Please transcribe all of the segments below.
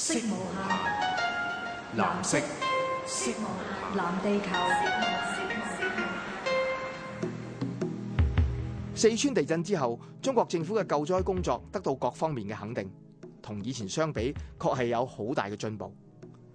色無限，藍色，藍地球。四川地震之後，中國政府嘅救災工作得到各方面嘅肯定，同以前相比，確係有好大嘅進步。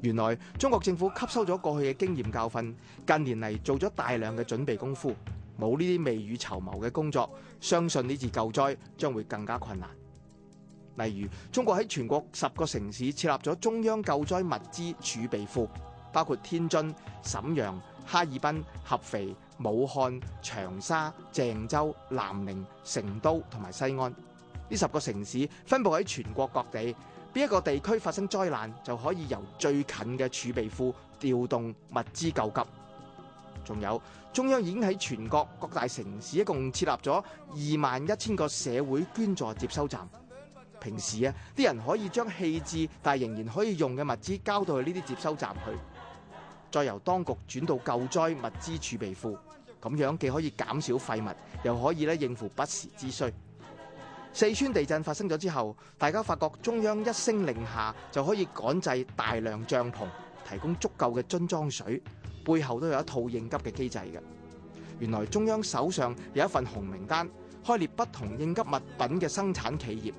原來中國政府吸收咗過去嘅經驗教訓，近年嚟做咗大量嘅準備功夫，冇呢啲未雨綢繆嘅工作，相信呢次救災將會更加困難。例如，中國喺全國十個城市設立咗中央救災物資儲備庫，包括天津、沈陽、哈爾濱、合肥、武漢、長沙、鄭州、南寧、成都同埋西安。呢十個城市分佈喺全國各地，邊一個地區發生災難，就可以由最近嘅儲備庫調動物資救急還。仲有中央已經喺全國各大城市一共設立咗二萬一千個社會捐助接收站。平時啊，啲人可以將棄置但仍然可以用嘅物資交到去呢啲接收站去，再由當局轉到救災物資儲備庫。咁樣既可以減少廢物，又可以咧應付不時之需。四川地震發生咗之後，大家發覺中央一聲令下就可以趕製大量帳篷，提供足夠嘅樽裝水，背後都有一套應急嘅機制嘅。原來中央手上有一份紅名單，開列不同應急物品嘅生產企業。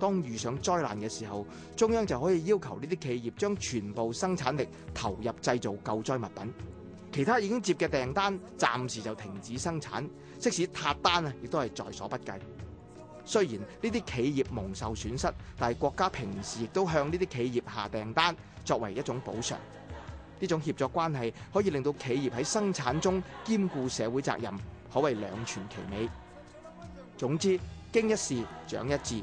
當遇上災難嘅時候，中央就可以要求呢啲企業將全部生產力投入製造救災物品，其他已經接嘅訂單暫時就停止生產，即使撻單啊，亦都係在所不計。雖然呢啲企業蒙受損失，但係國家平時亦都向呢啲企業下訂單作為一種補償。呢種協作關係可以令到企業喺生產中兼顧社會責任，可謂兩全其美。總之，經一事長一智。